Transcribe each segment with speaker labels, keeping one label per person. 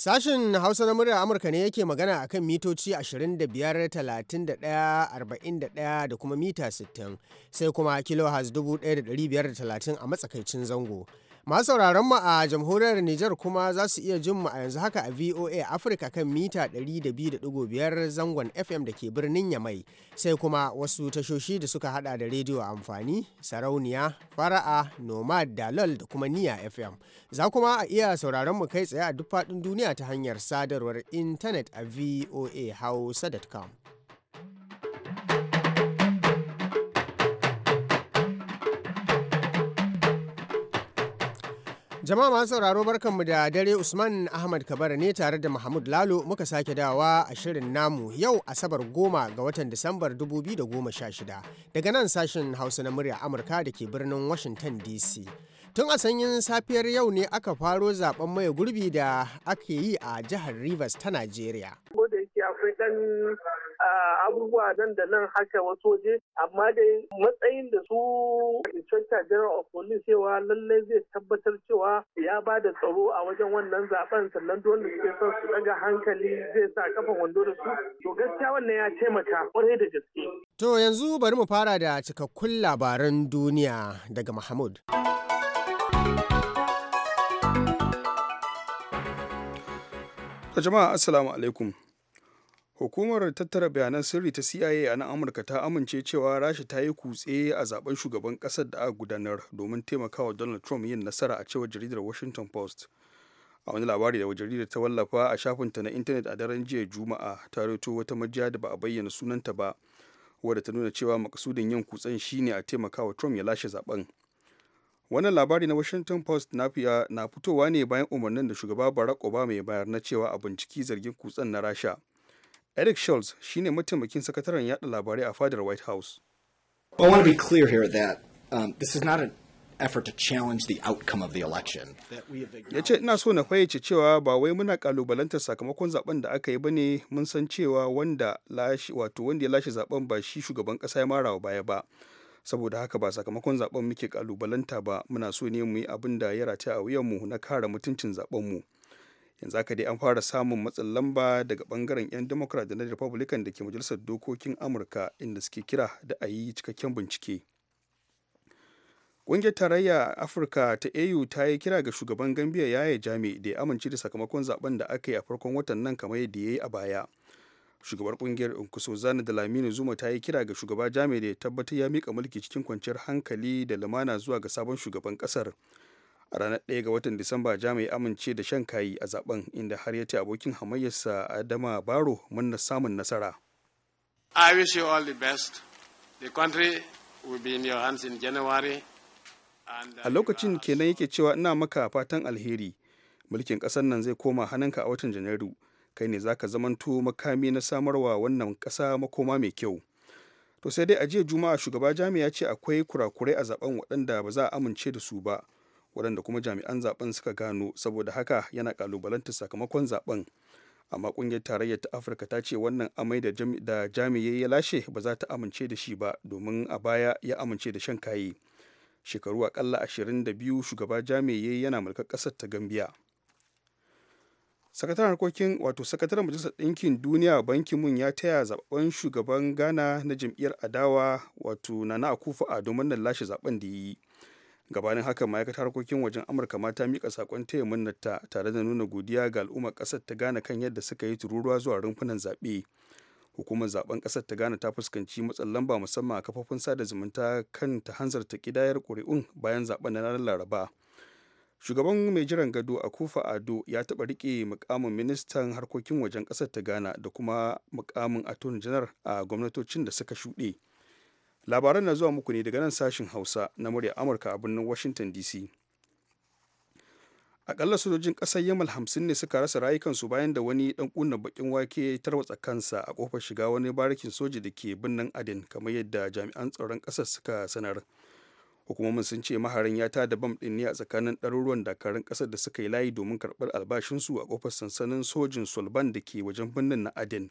Speaker 1: Sashen Hausa na muryar Amurka ne yake magana a kan mitoci 25, 31, 41 da kuma mita 60 sai kuma kilohaz 1530 a matsakaicin zango. Masu sauraron mu a jamhuriyar Nijar kuma za su iya jin mu a yanzu haka a VOA Africa kan mita 200.5 zangon FM da ke birnin Yamai sai kuma wasu tashoshi da suka hada da rediyo amfani, sarauniya, fara'a, nomad, dalol da kuma niya FM. Za kuma a iya sauraron mu kai tsaye a duk faɗin duniya ta hanyar sadarwar intanet a voahausa.com. Jama'a masu sauraro barkanmu da dare Usman Ahmad Kabar ne tare da Mahmud Lalo muka sake dawa a shirin namu yau Asabar goma ga watan Disambar 2016 daga nan sashen Hausa na murya Amurka da ke birnin Washington DC. Tun a sanyin safiyar yau ne aka faro zaben mai gurbi da ake yi a jihar Rivers ta Najeriya.
Speaker 2: abubuwa nan da nan haka wasu waje amma dai matsayin da su inspector general of police cewa lallai zai tabbatar cewa ya ba da tsaro a wajen wannan zaben sannan dole suke son su daga hankali zai sa kafa wando da su to gaskiya wannan ya taimaka kwarai da gaske.
Speaker 1: To yanzu bari mu fara da cikakkun labaran duniya daga Mahmud.
Speaker 3: jama'a assalamu alaikum Hukumar tattara bayanan sirri ta CIA a nan Amurka ta amince cewa Rasha ta yi kutse a zaben shugaban kasar da aka gudanar domin taimakawa Donald Trump yin nasara a cewar jaridar Washington Post. A wani labari da jaridar ta wallafa a shafinta na intanet a daren jiya Juma'a ta reto wata majiya da ba a bayyana sunanta ba, wadda ta nuna cewa makasudin yin kutsen shine a taimakawa Trump ya lashe zaben. wannan labari na washington post na fitowa ne bayan umarnin da shugaba barack obama ya bayar na cewa a binciki zargin kutsen na rasha Eric Schultz ne mataimakin sakataren yada labarai a fadar White House.
Speaker 4: I want to be clear here that um, this is not an effort to challenge the outcome of the election.
Speaker 3: Ya ce ina so na fayyace cewa ba wai muna kalubalantar sakamakon zaben da aka yi ba ne mun san cewa wanda wato wanda ya lashe zaben ba shi shugaban kasa ya mara baya ba. Saboda haka ba sakamakon zaben muke kalubalanta ba muna so ne mu yi abin da ya rataya a wuyanmu na kare mutuncin zaben mu. yanzu aka dai an fara samun matsin lamba daga bangaren 'yan democrat da na republican da ke majalisar dokokin amurka inda suke kira da a yi cikakken bincike ƙungiyar tarayya afirka ta au ta yi kira ga shugaban gambia yaya jami da ya amince da sakamakon zaben da aka yi a farkon watan nan kamar yadda ya yi a baya shugabar kungiyar Zani da lamini zuma ta yi kira ga shugaba jami da ya tabbatar ya mika mulki cikin kwanciyar hankali da lumana zuwa ga sabon shugaban ƙasar. a ranar 1 ga watan disamba jami'ai amince da shan kayi a zaben inda har ya ce abokin hamayyarsa adama baro munna samun nasara
Speaker 4: i wish you all the best the country will be in your hands in january uh, a lokacin
Speaker 3: kenan yake cewa ina maka fatan alheri mulkin ƙasar nan zai koma hannunka a watan janairu kai ne zaka zamanto makami na samarwa wannan ƙasa makoma mai kyau to sai dai a jiya juma'a shugaba jami'a ce akwai kurakurai a zaben waɗanda ba za a amince da su ba waɗanda kuma jami'an zaben suka gano saboda haka yana kalubalantar sakamakon zaben amma ƙungiyar tarayyar ta afirka ta ce wannan amai da jami'ai ya lashe ba za ta amince da shi ba domin a baya ya amince da shan kaye shekaru akalla 22 shugaba jami'ai yana mulkar ƙasar ta gambiya sakataren harkokin wato sakataren majalisar ɗinkin duniya bankin mun ya taya zaɓen shugaban ghana na jam'iyyar adawa wato nana akufa a domin lashe zaɓen da yi gabanin hakan ma'aikatar harkokin wajen amurka mata mika sakon taya ta tare da nuna godiya ga al'ummar kasar ta gane kan yadda suka yi tururuwa zuwa rumfunan zaɓe hukumar zaben kasar ta gane ta fuskanci matsin lamba musamman a kafofin sada zumunta kan ta hanzarta kidayar ƙuri'un bayan zaben na ranar laraba shugaban mai jiran gado a kufa ado ya taɓa riƙe mukamin ministan harkokin wajen ƙasar ta gana da kuma mukamin attorney janar a gwamnatocin da suka shuɗe labaran na zuwa muku ne daga nan sashin hausa na murya amurka a birnin washington dc akalla sojojin kasar yamal hamsin ne suka rasa rayukansu bayan da wani dan kunna bakin wake ya tarwatsa kansa a kofar shiga wani barikin soja da ke birnin aden kamar yadda jami'an tsaron kasar suka sanar hukumomin sun ce maharin ya tada bam din ne a tsakanin ɗaruruwan dakarun kasar da suka yi layi domin karɓar albashinsu a kofar sansanin sojin solban da ke wajen birnin na aden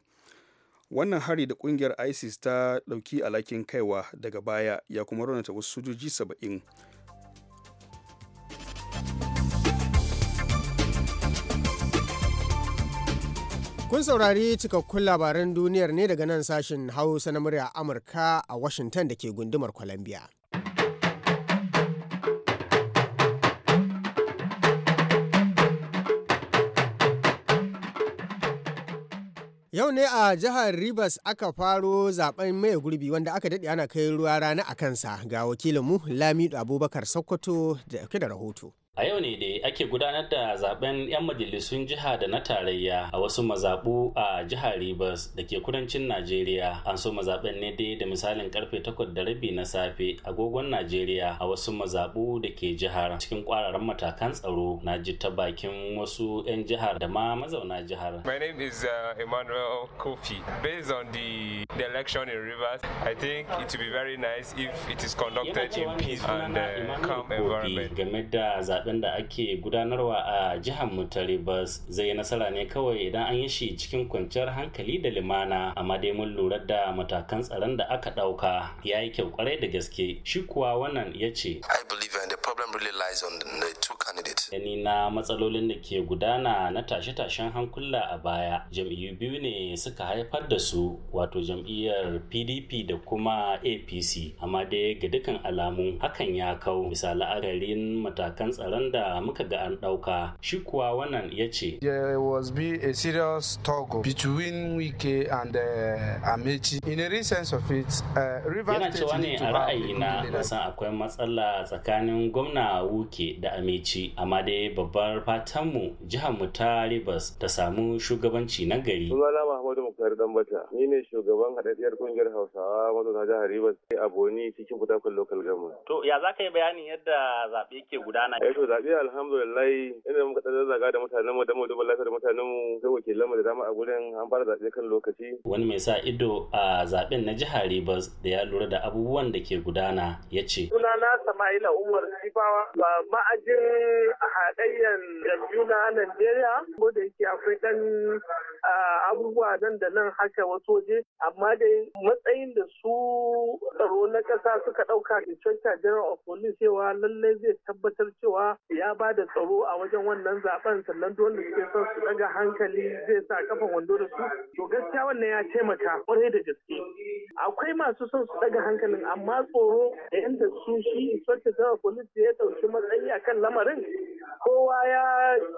Speaker 3: wannan hari da kungiyar isis ta dauki alakin kaiwa daga baya ya kuma raunata wasu sojoji saba'in
Speaker 1: kun saurari cikakkun labaran duniyar ne daga nan sashen hausa na murya amurka a washington da ke gundumar columbia Yau ne a jihar Rivers aka faro zaben mai gurbi wanda aka daɗe ana kai ruwa rana a kansa ga wakilinmu Lamidu Abubakar Sokoto da ke da rahoto.
Speaker 5: a yau ne dai ake gudanar da zaben 'yan majalisun jiha da na tarayya a wasu mazaɓu a jihar rivers da ke kudancin najeriya an so mazaɓen ne dai da misalin karfe 8:30 na safe agogon najeriya a wasu mazaɓu da ke jihar cikin kwararan matakan tsaro na ji ta bakin wasu 'yan jihar da ma mazauna jihar
Speaker 6: my name is uh, emmanuel
Speaker 4: kofi based on the, the election rivers i think it will be very nice if it is conducted in peace uh, calm environment
Speaker 5: game da zaben zaben da ake gudanarwa a jihar mu zai yi nasara ne kawai idan an yi shi cikin kwanciyar hankali da limana amma dai mun lura da matakan tsaron da aka dauka ya yi kyau kwarai da gaske shi kuwa wannan ya ce I believe the problem really lies on the two candidates. na matsalolin da ke gudana na tashe-tashen hankula a baya jam'iyyu biyu ne suka haifar da su wato jam'iyyar PDP da kuma APC amma dai ga dukkan alamu hakan ya kau misali agarin matakan tsaro mataran da muka ga an ɗauka shi kuwa wannan ya ce there was be a serious toggle between wike and uh, amechi in a sense of it uh, yana cewa ne a ra'ayina na san akwai matsala tsakanin gwamna wuke da amechi amma dai babbar fatanmu jihar mu ta rivers ta samu shugabanci na gari
Speaker 2: sunana mahmudu
Speaker 5: muktar
Speaker 7: dambata ni ne shugaban haɗaɗɗiyar ƙungiyar hausawa mazauna jihar rivers a boni cikin kudakun local government
Speaker 5: to ya za ka yi bayanin yadda zaɓe ke gudana eh, to zaɓe alhamdulillahi
Speaker 7: inda muka tsada zaga da mutanen mu da mu duba lafiyar mutanen mu da wakilan mu da dama a gurin an fara zaɓe kan
Speaker 2: lokaci.
Speaker 5: Wani mai sa ido a zaɓen na jihar Rivers da ya lura da abubuwan da ke gudana ya ce.
Speaker 2: Sunana Sama'ila Umar Sifawa ba ma'ajin haɗayyan jam'iyyu na Najeriya ko da yake akwai ɗan abubuwa nan da nan haka wasu waje amma dai matsayin da su tsaro na ƙasa suka ɗauka da Inspector General of Police cewa lallai zai tabbatar cewa ya ba da tsaro a wajen wannan zaben sannan dole suke son su daga hankali zai sa kafan wando da su to gaskiya wannan ya taimaka kwarai da gaske akwai masu son su daga hankalin amma tsoro da inda su shi inspector general police ya dauki matsayi akan lamarin kowa ya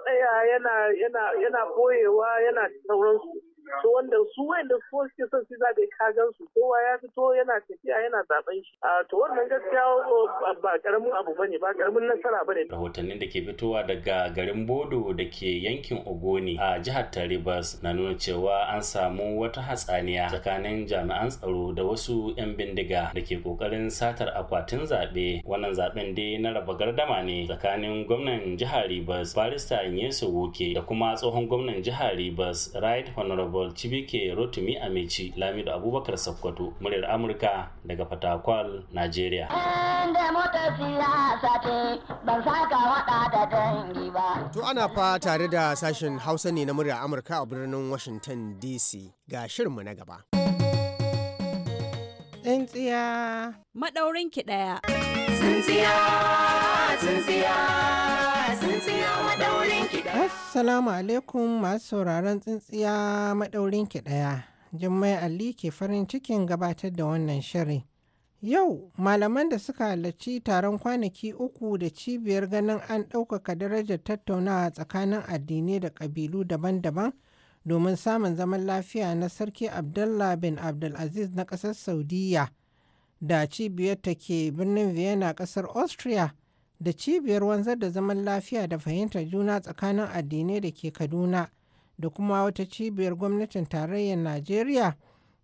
Speaker 2: tsaya yana yana yana boyewa yana sauransu to wanda su wanda su suke son su zabe ka su kowa ya fito yana tafiya yana zaben shi to wannan gaskiya ba karamin abu bane ba karamin nasara bane
Speaker 5: rahotannin da ke fitowa daga garin Bodo da ke yankin Ogoni a jihar Taribas na nuna cewa an samu wata hatsaniya tsakanin jami'an tsaro da wasu 'yan bindiga da ke kokarin satar akwatin zaɓe wannan zaɓen dai na raba gardama ne tsakanin gwamnan jihar Ribas, barista Nyesu Woke da kuma tsohon gwamnan jihar Rivers Right Honorable ke Rotumi Amici Lamido Abubakar Sakkwato muryar Amurka daga Fatakwal, Najeriya. ban saka wada ba.
Speaker 1: To ana fa tare da sashen Hausa ne na muryar Amurka a birnin Washington DC ga shirinmu na gaba.
Speaker 6: Tsintsiya. ki ɗaya. Tsintsiya, tsintsiya. Assalamu alaikum masu sauraron tsintsiya maɗaurin ki ɗaya. Jummai Ali ke farin cikin gabatar da wannan shirin. Yau malaman da suka halarci taron kwanaki uku da cibiyar ganin an ɗaukaka darajar tattaunawa tsakanin addinai da ƙabilu daban-daban domin samun zaman lafiya na Sarki Abdullah bin Abdulaziz na ƙasar Saudiyya da cibiyar ta ke birnin Vienna ƙasar Austria. da cibiyar wanzar da zaman lafiya da fahimtar juna tsakanin addinai da ke kaduna da kuma wata cibiyar gwamnatin tarayyar najeriya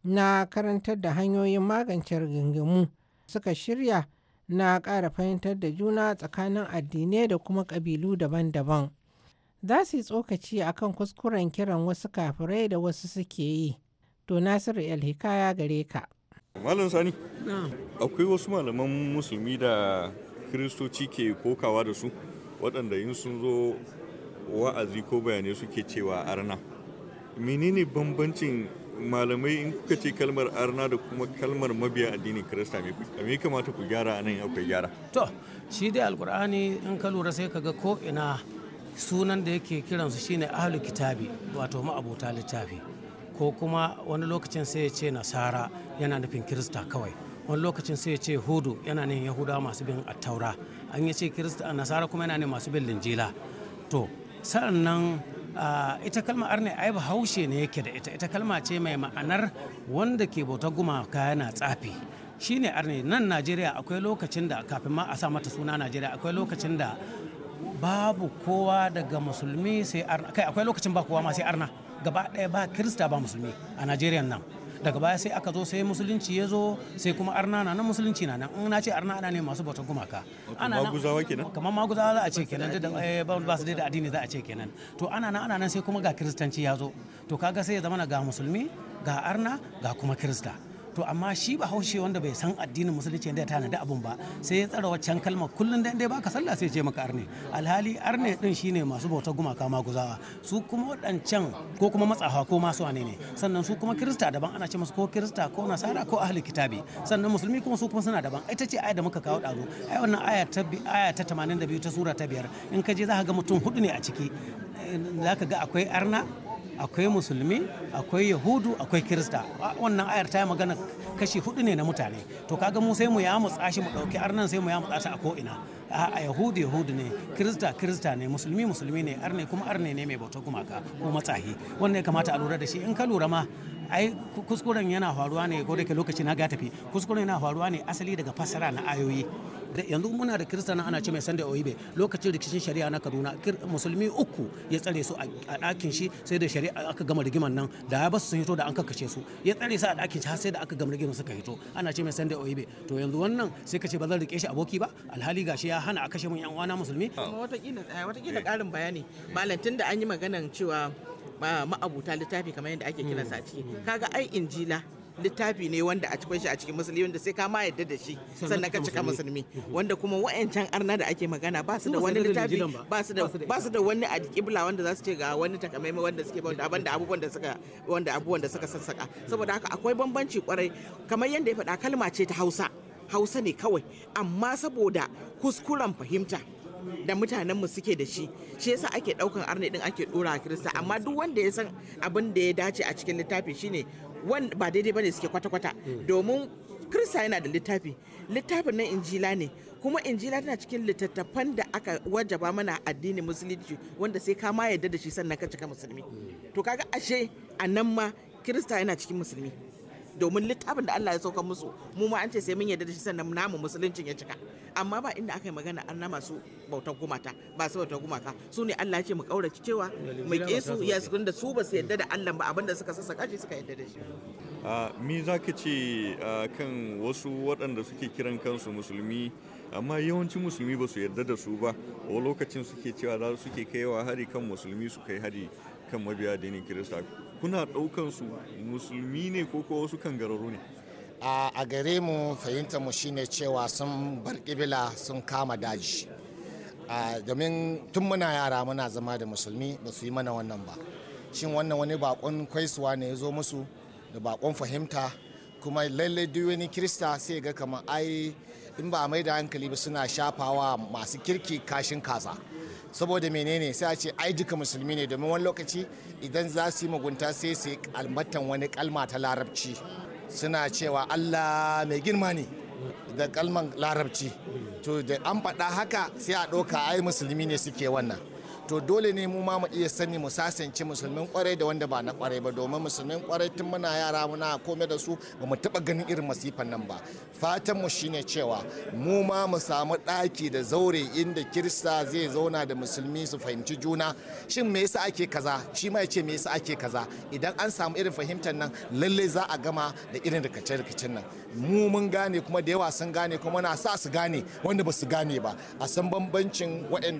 Speaker 6: na karantar da hanyoyin magance rigingimu suka shirya na ƙara fahimtar da juna tsakanin addinai da kuma ƙabilu daban-daban za su yi tsokaci a kan kuskuren kiran wasu kafirai da wasu suke yi to nasiru hikaya gare ka
Speaker 8: malam sani akwai wasu malaman musulmi da kiristoci ke kokawa da su waɗanda in sun zo wa'azi ko bayanai suke cewa arna menene bambancin malamai in kuka ce kalmar arna da kuma kalmar mabiya addinin kirista me kamata ku gyara anan akwai gyara
Speaker 9: to shi dai alkur'ani in ka lura sai kaga ko ina sunan da yake kiransu shine ahlu kitabi wato ma'abota littafi ko kuma wani lokacin sai ya ce nasara yana nufin kirista kawai wani lokacin sai ya ce hudu yana ne yahudawa masu bin attaura an ya ce kirista a nasara kuma yana ne masu bin linjila to sa'annan ita kalma arne ai haushe ne yake da ita ita kalma ce mai ma'anar wanda ke bauta gumaka yana tsafi shine arne nan najeriya akwai lokacin da kafin ma a sa mata suna najeriya akwai lokacin da babu kowa daga musulmi sai arna kai akwai lokacin ba kowa ma sai arna gaba ɗaya ba kirista ba musulmi a najeriya nan daga baya sai aka zo sai musulunci ya zo sai kuma arna na nan musulunci na nan in na ce arna ana ne masu bautan gumaka ana maguzawa kenan kamar maguzawa za a ce kenan da eh, ba su da addini za a ce kenan to ana nan ana nan sai kuma ga kiristanci ya zo to kaga sai ya zama ga musulmi ga arna ga kuma kirista to amma shi ba haushe wanda bai san addinin musulunci da ta da abun ba sai ya tsara waccan kalma kullun da dai baka sallah sai ce maka arne alhali arne din shine masu bautar gumaka ma guzawa su kuma wadancan ko kuma matsafa ko masu wane ne sannan su kuma kirista daban ana ce musu ko kirista ko nasara ko ahli kitabi sannan musulmi kuma su kuma suna daban ita ce aya da muka kawo dazu ai wannan aya ta aya ta 82 ta sura ta biyar in ka je za ka ga mutum hudu ne a ciki eh, za ka ga akwai arna akwai musulmi akwai yahudu akwai kirista wannan ayar ta yi magana kashi hudu ne na mutane to kaga mu sai mu ya mu tsashi mu dauki arnan sai mu ya mu a ko ina a yahudu yahudu ne kirista kirista ne musulmi musulmi ne arne kuma arne ne mai bauta gumaka ko matsahi wannan ya kamata a lura da shi in ka lura ma ai kuskuren yana faruwa ne ko da ke lokaci na ga tafi kuskuren yana faruwa ne asali daga fasara na ayoyi yanzu muna da kiristana ana ce mai sanda oibe lokacin rikicin shari'a na kaduna musulmi uku ya tsare su a ɗakin shi sai da shari'a aka gama rigiman nan da ya basu sun hito da an kakkace su ya tsare su a ɗakin shi har sai da aka gama rigiman suka hito ana ce mai sanda oibe to yanzu wannan sai ka ce ba zan rike shi aboki ba alhali gashi ya hana a kashe mun yan uwana musulmi
Speaker 10: watakila
Speaker 9: eh, ƙarin bayani
Speaker 10: malantin da an yi maganan cewa ma'abuta littafi kamar yadda ake kiransa a ciki hmm. kaga ai injila littafi ne wanda a cikin shi a cikin musulmi wanda sai ka ma yadda da shi sannan ka cika musulmi wanda kuma wa'ancan arna da ake magana ba su da wani littafi ba su da ba su da wani alƙibla wanda za su ce ga wani takamaimai wanda suke ba abin da abubuwan da suka wanda abubuwan da suka sassaka saboda haka akwai bambanci kwarai kamar yadda ya faɗa kalma ce ta Hausa Hausa ne kawai amma saboda kuskuren fahimta da mutanenmu suke da shi shi yasa ake daukan arne din ake dora kirista amma duk wanda ya san abin da ya dace a cikin littafi shine ba daidai bane suke kwata-kwata domin kirista yana da littafi littafin na injila ne kuma injila tana cikin littattafan da aka wajaba mana addinin musulunci wanda sai ka ma yarda da shi sannan ka cika musulmi to kaga ashe a nan ma kirista yana cikin musulmi domin littafin da Allah ya sauka musu mu ma an ce sai mun yarda da shi sannan namu musuluncin ya cika amma ba inda aka yi magana an na masu bautar gumata ba su bautar gumaka su ne Allah ya ce mu kaurace cewa mu ki su ya su da su ba su yarda da Allah ba abinda suka sassaka kashi suka yarda da
Speaker 8: shi mi zaka ce kan wasu waɗanda suke kiran kansu musulmi amma yawancin musulmi ba su yarda da su ba a lokacin suke cewa za su ke kaiwa hari kan musulmi su kai hari kan mabiya dinin kirista kuna ɗaukan su musulmi
Speaker 4: ne ko kuwa wasu kangararru ne a gare mu fahimta mu shine cewa sun bar kibila sun kama daji domin tun muna yara muna zama da musulmi ba su yi mana wannan ba shin wannan wani bakon kwaisuwa ne ya zo musu da bakon fahimta kuma lallai duk wani kirista sai ga kama ai in ba a mai da hankali ba suna shafawa masu kirki kashin kaza saboda menene sai a ce ai duka musulmi ne domin wani lokaci idan za su yi mugunta sai su yi kalmatan wani kalma ta larabci suna cewa allah mai girma ne da kalman larabci to da an faɗa haka sai a ɗauka ai musulmi ne suke wannan to dole ne mu ma mu iya sani mu sasance musulmin kwarai da wanda ba na kwarai ba domin musulmin kwarai tun muna yara muna komai da su ba mu taba ganin irin masifan nan ba fatan mu shine cewa mu ma mu samu ɗaki da zaure inda kirista zai zauna da musulmi su fahimci juna shin me yasa ake kaza shi ma yace me yasa ake kaza idan an samu irin fahimtar nan lalle za a gama da irin rikice-rikicen nan mu mun gane kuma da yawa sun gane kuma na sa su gane wanda ba su gane ba a san bambancin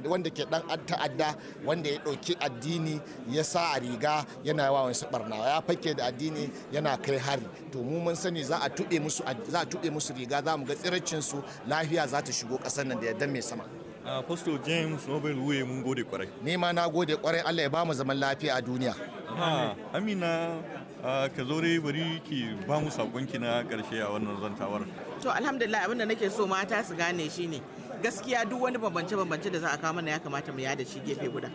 Speaker 4: wanda ke dan ta'adda wanda ya ɗauki addini ya sa a riga yana yawa wani barna ya fake da addini yana kai hari to mu mun sani za a tuɓe musu za a tuɓe musu riga za mu ga tsirancin su lafiya za ta shigo ƙasar nan da yadda mai sama Apostle James Nobel Wuye mun gode kwarai. Nema na gode kwarai Allah ya ba mu zaman lafiya a duniya. Amina ka zo
Speaker 8: bari ki ba mu sakonki na karshe a wannan zantawar.
Speaker 10: To alhamdulillah abinda nake so mata su gane shine gaskiya duk wani bambance-bambance da za a kawo mana ya kamata mu yada shi gefe guda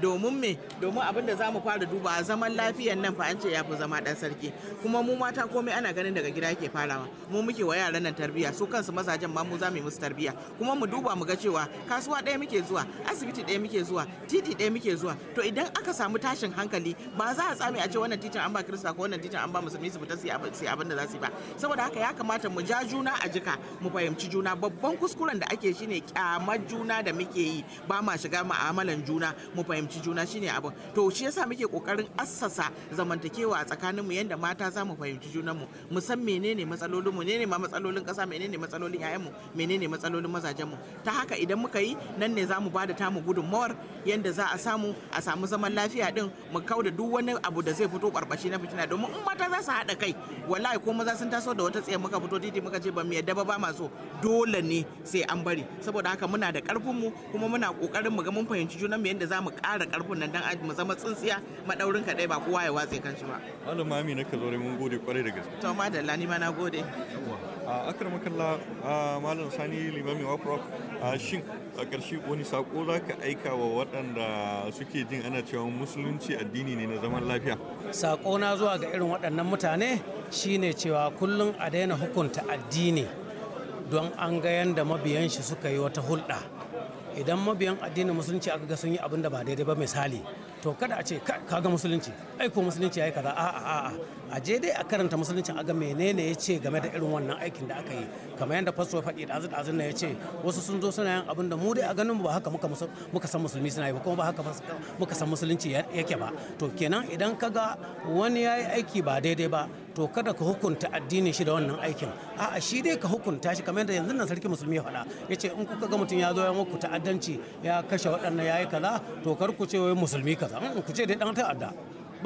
Speaker 10: domin me domin abin da za mu fara duba zaman lafiyan nan fa an ce ya fi zama dan sarki kuma mu mata komai ana ganin daga gida yake farawa mu muke wa yaran nan tarbiya su kansu mazajen ma mu za mu musu tarbiyya. kuma mu duba mu ga cewa kasuwa ɗaya muke zuwa asibiti ɗaya muke zuwa titi ɗaya muke zuwa to idan aka samu tashin hankali ba za a tsame a ce wannan titin an ba kirista ko wannan titin an ba musulmi su fita su yi abin da za su yi ba saboda haka ya kamata mu ja juna a jika mu fahimci juna babban kuskuren da ake shi shine kyamar juna da muke yi ba ma shiga ma'amalan juna mu fahimci juna shine abin to shi yasa muke kokarin assasa zamantakewa a tsakaninmu yadda mata za mu fahimci junanmu mu san menene matsalolin mu menene ma matsalolin kasa menene matsalolin yayanmu menene matsalolin mazajenmu ta haka idan muka yi nan ne za mu bada mu gudunmawar yadda za a samu a samu zaman lafiya din mu kauda duk wani abu da zai fito barbashi na fitina domin in mata za su haɗa kai wallahi ko maza sun taso da wata tsaye muka fito titi muka ce ba mu yadda ba ba so dole ne sai an bari saboda haka muna da karfin mu kuma muna kokarin mu ga mun fahimci junan mu yadda zamu kara karfin nan dan mu zama tsintsiya madaurin ka dai ba kowa ya watse shi ba
Speaker 8: Allah mami na ka zore mun gode kwarai da gaske
Speaker 10: to madalla ni ma na gode a akar malam sani
Speaker 8: limami a shin a karshe wani sako za ka aika wa waɗanda suke jin ana cewa musulunci addini ne na zaman lafiya
Speaker 9: sako na zuwa ga irin waɗannan mutane shine cewa kullum a daina hukunta addini don an ga yadda mabiyan shi suka yi wata hulɗa idan mabiyan addinin musulunci aka ga sun yi abin da ba daidai ba misali to kada a ce kaga musulunci aiko musulunci musulunci yayi kaza a'a a'a a je dai a karanta musulunci a ga menene ya ce game da irin wannan aikin da aka yi kamar yadda fasto faɗi da azu na ya ce wasu sun zo suna yin abin da mu dai a ganin ba haka muka san musulmi suna yi ba kuma ba haka muka san musulunci yake ba to kenan idan ka ga wani ya yi aiki ba daidai ba to kada ka hukunta addinin shi da wannan aikin a'a shi dai ka hukunta shi kamar yadda yanzu nan sarki musulmi ya faɗa ya ce in kuka ga mutum ya zo ya muku ta'addanci ya kashe waɗannan ya yi kaza to kar ku ce wai musulmi kaza mm, ku ce dai ɗan ta'adda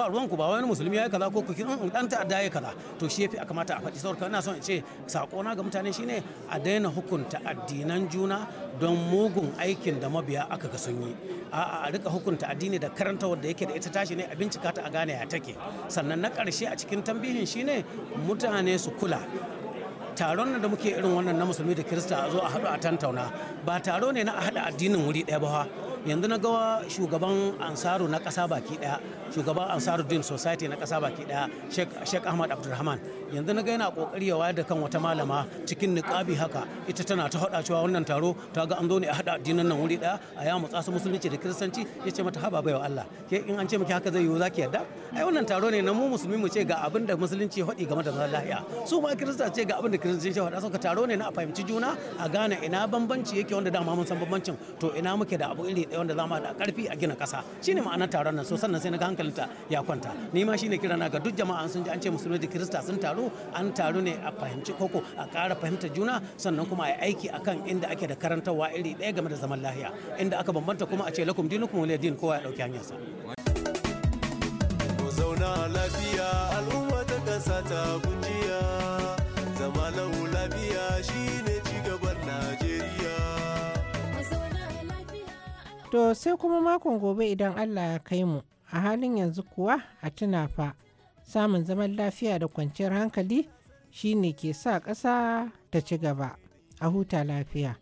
Speaker 9: ba ku ba wani musulmi ya yi kaza ko in dan mm, ta'adda ya yi kaza to shi yafi a kamata a faɗi saboda ina son in ce sako na ga mutane shine a daina hukunta addinan juna don mugun aikin da mabiya aka ga sun yi a'a a rika hukunta addini da karanta wanda yake da ita tashi ne a bincika ta a gane ya take sannan na ƙarshe a cikin tambihin shine mutane su kula taron nan da muke irin wannan na musulmi da kirista a zo a haɗu a tantauna ba taro ne na a haɗa addinin wuri ɗaya ba yanzu na gawa shugaban ansaru na kasa baki daya shugaban ansaru din society na kasa baki daya sheikh ahmad abdulrahman yanzu na ga yana kokari ya wayar da kan wata malama cikin niqabi haka ita tana ta hada cewa wannan taro ta ga an zo ne a hada addinan nan wuri daya a mutsa su musulunci da kiristanci ya ce mata haba wa Allah ke in an ce miki haka zai yiwu zaki yadda ai wannan taro ne na mu musulmi mu ce ga abin da musulunci ya hadi game da zaman su ma kirista ce ga abin da kiristanci ya faɗa suka taro ne na a fahimci juna a gane ina bambanci yake wanda dama mun san bambancin to ina muke da abu iri ɗaya wanda za mu haɗa ƙarfi a gina ƙasa shine ma'anar taron nan so sannan sai na ga hankalinta ya kwanta ni ma shine kirana ga duk jama'a sun ji an ce musulmi da kirista sun taru an taru ne a fahimci koko a ƙara fahimtar juna sannan kuma a aiki akan inda ake da karantarwa iri ɗaya game da zaman lahiya inda aka bambanta kuma a ce lakum dinukum waliya din kowa ya ɗauki hanyarsa.
Speaker 11: Ku zauna lafiya al'umma ta ƙasa
Speaker 6: To sai kuma makon gobe idan Allah ya kai mu, a halin yanzu kuwa a tuna fa samun zaman lafiya da kwanciyar hankali shine ke sa ƙasa ta ci gaba. A huta lafiya.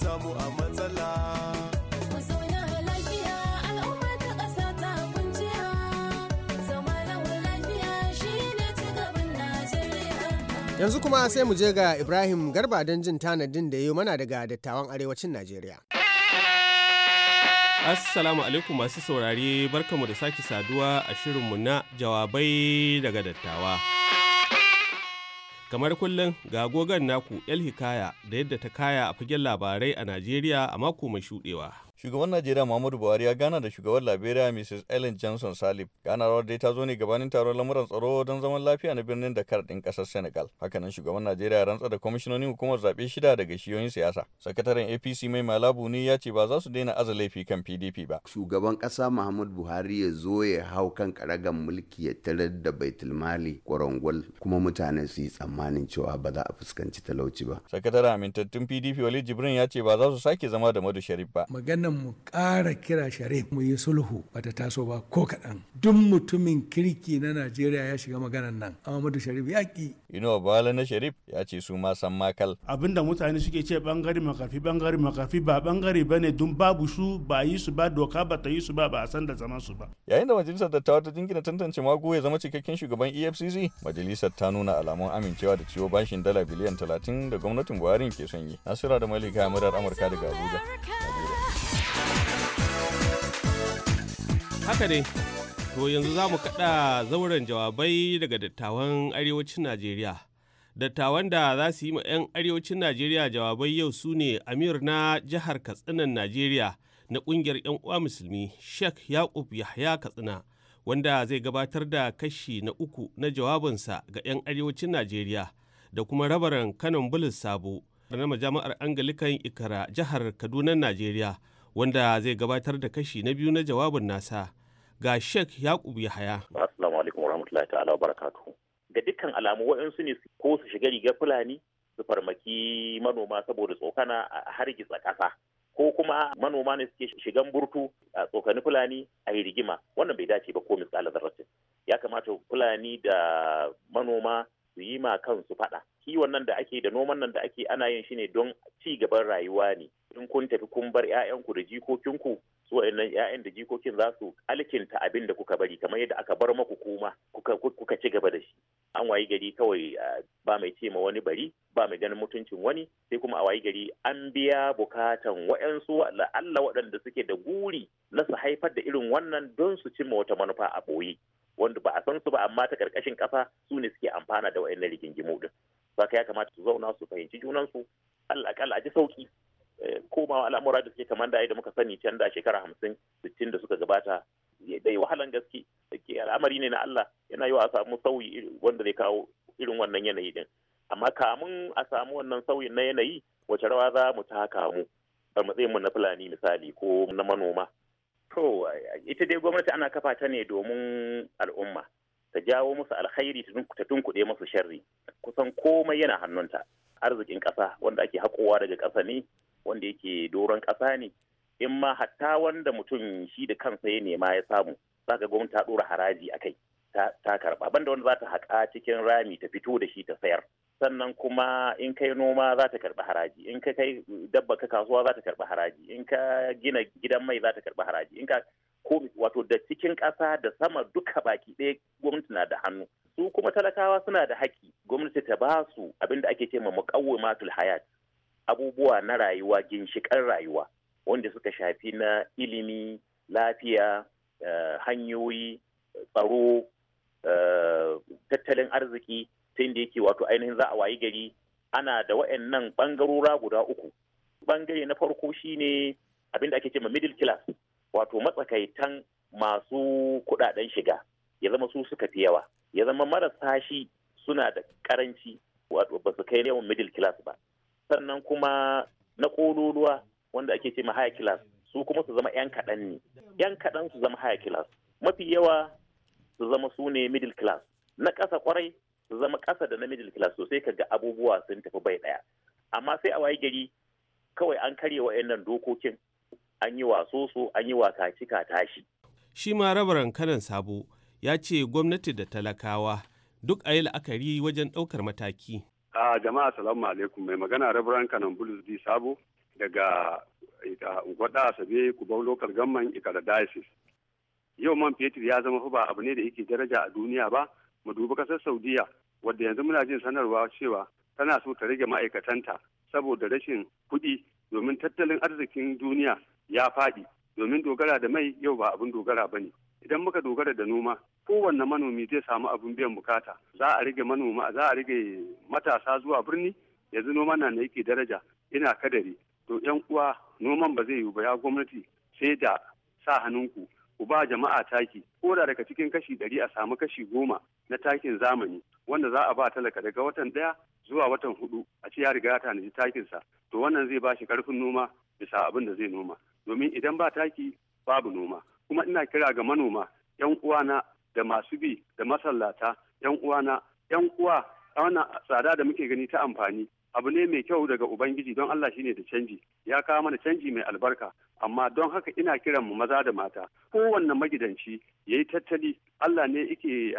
Speaker 11: samu a matsala.
Speaker 1: Yanzu kuma sai mu je ga Ibrahim Garba don jin tanadin da ya yi mana daga dattawan arewacin Najeriya. Assalamu
Speaker 11: alaikum masu saurari barkamu da sake saduwa a shirinmu na jawabai daga dattawa. Kamar kullum ga gogon naku El Hikaya da yadda ta kaya a fagen labarai a Najeriya a mako mai shuɗewa. Shugaban Najeriya Muhammadu Buhari ya
Speaker 8: gana da shugaban Liberia Mrs. Ellen Johnson Salib. Ganawar dai ta zo ne gabanin taron lamuran tsaro don zaman lafiya na birnin Dakar din kasar Senegal. Hakanan shugaban Najeriya ya rantsa da kwamishinonin hukumar zaɓe shida daga shiyoyin siyasa. Sakataren APC mai malabu ne ya ce ba za su daina aza laifi kan PDP ba.
Speaker 7: Shugaban ƙasa Muhammadu Buhari ya zo ya hau kan karagan mulki ya tarar da baitulmali kwarangwal kuma mutane su yi tsammanin
Speaker 4: cewa ba za a fuskanci talauci ba.
Speaker 8: Sakataren amintattun PDP Walid Jibrin ya ce ba za su sake zama da Madu Sharif ba.
Speaker 3: mu kara kira share mu yi sulhu bata taso ba ko kaɗan duk mutumin kirki na najeriya ya shiga maganar nan amadu sharif ya ƙi
Speaker 8: inuwa bala na sharif ya ce su ma san makal
Speaker 3: abinda mutane suke ce bangare makafi bangare makafi ba bangare ba ne don babu su ba yi su ba doka ba ta yi su ba ba a san da zaman su ba yayin da majalisar dattawa ta jingina tantance mago ya zama cikakken shugaban
Speaker 8: efcc majalisar ta nuna alamun amincewa da ciwo bashin dala biliyan talatin da gwamnatin buhari ke
Speaker 11: son yi nasira da malika murar amurka daga abuja haka ne to yanzu za mu kaɗa zauren jawabai daga dattawan arewacin najeriya dattawan da za su yi ma 'yan arewacin najeriya jawabai yau su ne amir na jihar katsinan najeriya na ƙungiyar 'yan uwa musulmi sheikh yakub yahya katsina wanda zai gabatar da kashi na uku na jawabinsa ga 'yan arewacin najeriya da kuma rabaran kanon bulus sabo na majami'ar angalikan ikara jihar kaduna najeriya wanda zai gabatar da kashi na biyu na jawabin nasa ga Sheikh Yakub Yahaya. Assalamu alaikum wa
Speaker 12: rahmatullahi ta'ala wa barakatuhu. Ga dukkan alamu waɗansu ne ko su shiga rigar Fulani su farmaki manoma saboda tsokana a hargitsa ƙasa. Ko kuma manoma ne suke shigan burtu a tsokani Fulani a yi rigima. Wannan bai dace ba ko misali zarratin. Ya kamata Fulani da manoma su yi ma kansu faɗa kiwon nan da ake da noman nan da ake ana yin shi ne don ci gaban rayuwa ne in kun tafi kun bar 'ya'yanku da jikokinku su waɗannan 'ya'yan da jikokin za su alkinta abin da kuka bari kamar yadda aka bar maku kuma kuka ci gaba da shi an wayi gari kawai ba mai ce ma wani bari ba mai ganin mutuncin wani sai kuma a wayi gari an biya bukatan waɗansu Allah waɗanda suke da guri na su haifar da irin wannan don su cimma wata manufa a ɓoye wanda ba a san su ba amma ta karkashin kafa su ne suke amfana da wayannan rigingimu din saka ya kamata su zauna su fahimci junansu Allah akalla a ji sauki eh, komawa al'amura da suke kamar da da muka sani can da shekara hamsin sittin da suka gabata dai wahalan gaske ke al'amari ne na Allah yana wa a samu sauyi wanda zai kawo irin wannan yanayi din amma kamun a samu wannan sauyin na yanayi wace rawa za mu taka mu a matsayin mu na fulani misali ko na manoma To, ita dai gwamnati ana kafa ta ne domin al'umma, ta jawo musu alkhairi ta tunkuɗe musu sharri. Kusan komai yana hannunta. Arzikin ƙasa wanda ake haƙowa daga ƙasa ne, wanda yake doron ƙasa ne, in ma hatta wanda mutum shi da kansa ya nema ya samu, za ka gwamnati ta ɗora haraji a kai, ta karɓa. Banda wanda za ta haƙa cikin rami ta fito da shi ta sayar. sannan kuma in kai noma za ta karɓi haraji in ka kai dabba ka kasuwa za ta karɓi haraji in ka gina gidan mai za ta karɓi haraji in ka ko wato da cikin ƙasa da sama duka baki ɗaya gwamnati na da hannu su kuma talakawa suna da haƙƙi gwamnati ta ba su abin da ake ce ma muƙawwimatul hayat abubuwa na rayuwa ginshiƙan rayuwa wanda suka shafi na ilimi lafiya eh, hanyoyi tsaro eh, tattalin arziki sai da yake wato ainihin za a wayi gari ana da wa'annan bangarora guda uku bangare na farko shine abin da ake ce ma middle class wato matsakaitan masu kudaden shiga ya zama su suka fi yawa ya zama marasa shi suna da karanci wato ba su kai yawan middle class ba sannan kuma na kololuwa wanda ake ce ma high class su kuma su zama 'yan kaɗan ne 'yan kaɗan su zama high class mafi yawa su zama su ne middle class na ƙasa kwarai su zama ƙasa da na middle class sosai ka ga abubuwa sun tafi bai ɗaya amma sai a waye gari kawai an karye wa'annan dokokin an yi waso so an yi wasa cika tashi
Speaker 11: shi ma rabaran kanan sabo ya ce gwamnati da talakawa duk a yi la'akari wajen ɗaukar mataki
Speaker 7: a jama'a salamu alaikum mai magana rabaran kanan bulus di sabo daga gwada asabe kubau local government ikada diocese yau man fetur ya zama ba abu ne da yake daraja a duniya ba mu duba kasar saudiya wadda yanzu muna jin sanarwa cewa tana so ta rage ma'aikatanta saboda rashin kuɗi domin tattalin arzikin duniya ya faɗi domin dogara da mai yau ba abin dogara ba ne idan muka dogara da noma kowanne manomi zai samu abin biyan bukata za a rage manoma za a rage matasa zuwa birni yanzu noma na yake daraja ina kadari to yan uwa noman ba zai yiwu ba ya gwamnati sai da sa hannunku ku ba jama'a taki ko da daga cikin kashi ɗari a samu kashi goma na takin zamani wanda za a ba talaka daga watan ɗaya zuwa watan hudu a ce ya riga ya tanaji takinsa to wannan zai ba shi karfin noma bisa abin da zai noma domin idan ba taki babu noma kuma ina kira ga manoma yan uwana da masu bi da masallata yan uwana yan uwa wannan tsada da muke gani ta amfani abu ne mai kyau daga ubangiji don Allah shine da canji ya kawo mana canji mai albarka amma don haka ina kiran mu maza da mata kowanne magidanci ya yi tattali Allah ne yake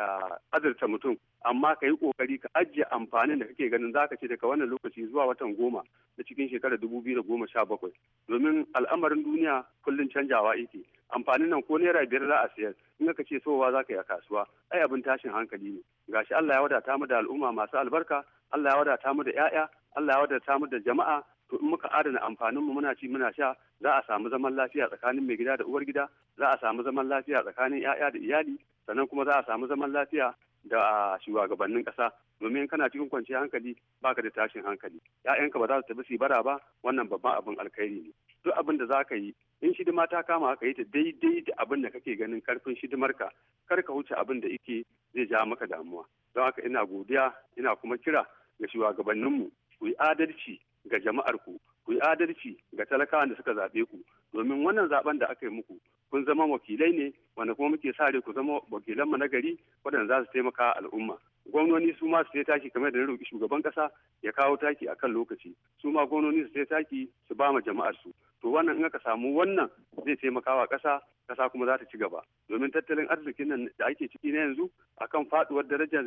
Speaker 7: azurta mutum amma ka yi kokari ka ajiye amfanin da kake ganin zaka ce daga wannan lokaci zuwa watan goma na cikin shekarar dubu biyu da goma sha bakwai domin al'amarin duniya kullum canjawa yake amfanin nan ko naira biyar za a siyar in ka ce sowa za ka yi a kasuwa ai abin tashin hankali ne gashi Allah ya wadata mu da al'umma masu albarka Allah ya wadata mu da 'ya'ya Allah ya wadata mu da jama'a muka adana amfaninmu muna ci muna sha za a samu zaman lafiya tsakanin mai gida da uwar gida za a samu zaman lafiya tsakanin 'ya'ya da iyali sannan kuma za a samu zaman lafiya da shugabannin ƙasa domin kana cikin kwanciyar hankali baka da tashin hankali ya'yanka ba za su tafi su bara ba wannan babban abin alkhairi ne duk abin da za ka yi in shidima ta kama aka yi ta daidai da abin da kake ganin karfin shidimarka kar ka wuce abin da yake zai ja maka damuwa don haka ina godiya ina kuma kira ga shugabanninmu ku yi adalci ga jama'ar ku ku yi adalci ga talakawan da suka zaɓe ku domin wannan zaben da aka yi muku kun zama wakilai ne wanda kuma muke sa ku zama wakilan mu na gari waɗanda za su taimaka al'umma gwamnoni su ma su taki kamar da na roƙi shugaban ƙasa ya kawo taki akan lokaci su ma gwamnoni su taki su ba ma jama'ar su to wannan in aka samu wannan zai taimakawa ƙasa ƙasa kuma za ta ci gaba domin tattalin arzikin nan da ake ciki na yanzu akan faduwar darajar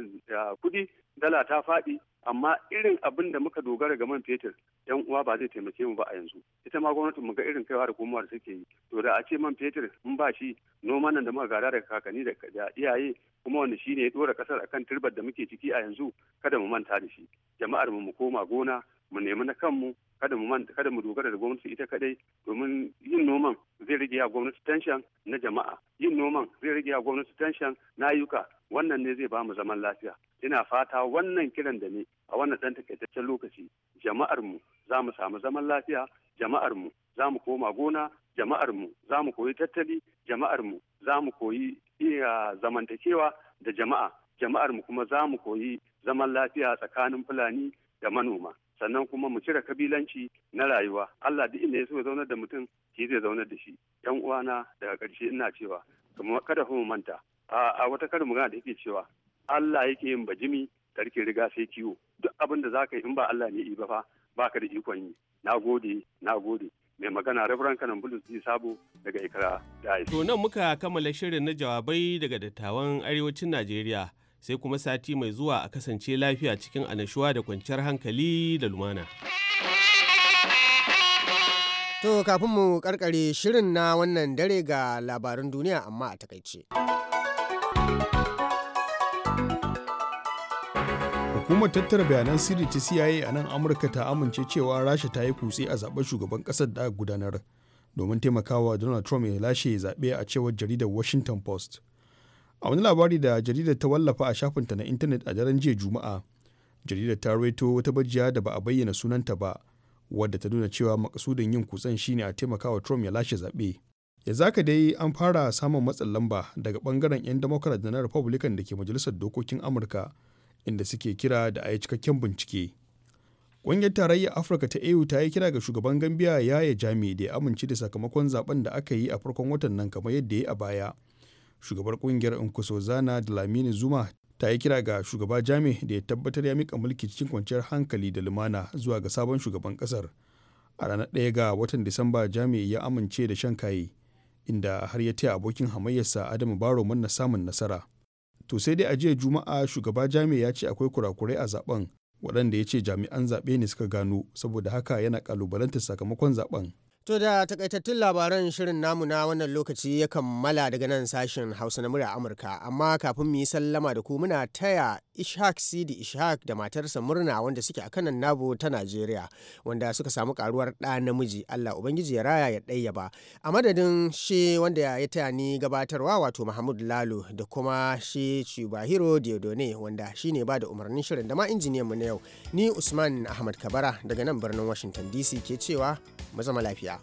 Speaker 7: kuɗi dala ta faɗi amma irin abin da muka dogara ga man fetur yan uwa ba zai taimake mu ba a yanzu ita ma gwamnatin mu ga irin kaiwa da komawar da suke yi to da a ce man fetur in ba shi noman nan da muka gada daga kakanni da iyaye kuma wanda shine ya dora kasar akan turbar da muke ciki a yanzu kada mu manta da shi jama'ar mu mu koma gona mu nemi na kanmu kada mu manta kada mu dogara da gwamnati ita kadai domin yin noman zai rage ya gwamnati tension na jama'a yin noman zai rage ya gwamnati tension na ayyuka wannan ne zai ba mu zaman lafiya ina fata wannan kiran da ne a wannan dan takaitaccen lokaci jama'ar mu za mu samu zaman lafiya jama'ar mu za mu koma gona jama'ar mu za mu koyi tattali jama'ar mu za mu koyi iya zamantakewa da jama'a jama'ar mu kuma za mu koyi zaman lafiya tsakanin fulani da manoma sannan kuma mu cire kabilanci na rayuwa Allah duk inda ya so ya zaunar da mutum shi zai zaunar da shi yan uwana daga karshe ina cewa kuma kada mu manta a wata karin magana da yake cewa Allah yake yin bajimi tarke riga sai kiwo duk abin da zaka yi in ba Allah ne yi ba fa baka da ikon yi na gode na gode mai magana Reverend Kanan Bulus ji sabo daga Ikra da To nan
Speaker 11: muka kammala shirin na jawabai daga dattawan arewacin Najeriya sai kuma sati mai zuwa a kasance lafiya cikin anashuwa da kwanciyar hankali da lumana.
Speaker 1: To kafin mu karkare shirin na wannan dare ga labarin duniya amma a takaice.
Speaker 3: Hukumar tattara bayanan sirri ta CIA a nan Amurka ta amince cewa Rasha ta yi kutse a zaɓen shugaban ƙasar da gudanar domin taimakawa Donald Trump ya lashe zaɓe a cewar jaridar Washington Post. a wani labari da jaridar ta wallafa a shafinta na intanet a daren jiya juma'a jaridar ta rawaito wata bajiya da ba a bayyana sunanta ba wadda ta nuna cewa makasudin yin kutsen shine a taimakawa trump ya lashe zaɓe ya zaka dai an fara samun matsin lamba daga bangaren 'yan democrat da na republican da ke majalisar dokokin amurka inda suke kira da a yi cikakken bincike ƙungiyar tarayyar afirka ta au ta yi kira ga shugaban gambia yaya jami da ya amince da sakamakon zaben da aka yi a farkon watan nan kamar yadda ya yi a baya shugabar kungiyar zana da lamini zuma ta yi kira ga shugaba jami da ya tabbatar ya mika mulki cikin kwanciyar hankali da lumana zuwa ga sabon shugaban kasar a ranar ɗaya ga watan disamba jami ya amince da shan kaye inda har ya taya abokin hamayyarsa adamu baro manna samun nasara to sai dai a jiya juma'a shugaba jami ya ce akwai kurakurai a zaben waɗanda ya ce jami'an zaɓe ne suka gano saboda haka yana ƙalubalantar sakamakon zaben
Speaker 1: To da takaitattun labaran shirin namu na wannan lokaci ya kammala daga nan sashen Hausa na murya Amurka, amma kafin mu yi sallama da ku muna taya Ishaq Sidi Ishaq da matarsa murna wanda suke a kanan Nabo ta Najeriya, wanda suka samu karuwar ɗa namiji Allah Ubangiji ya raya ya ɗaya ba. A madadin shi wanda ya taya ni gabatarwa wato Muhammad Lalo da kuma shi Cibahiro Diodone wanda shi ne ba da umarnin shirin da ma injiniyan mu na yau. Ni Usman Ahmad Kabara daga nan birnin Washington DC ke cewa mu zama lafiya.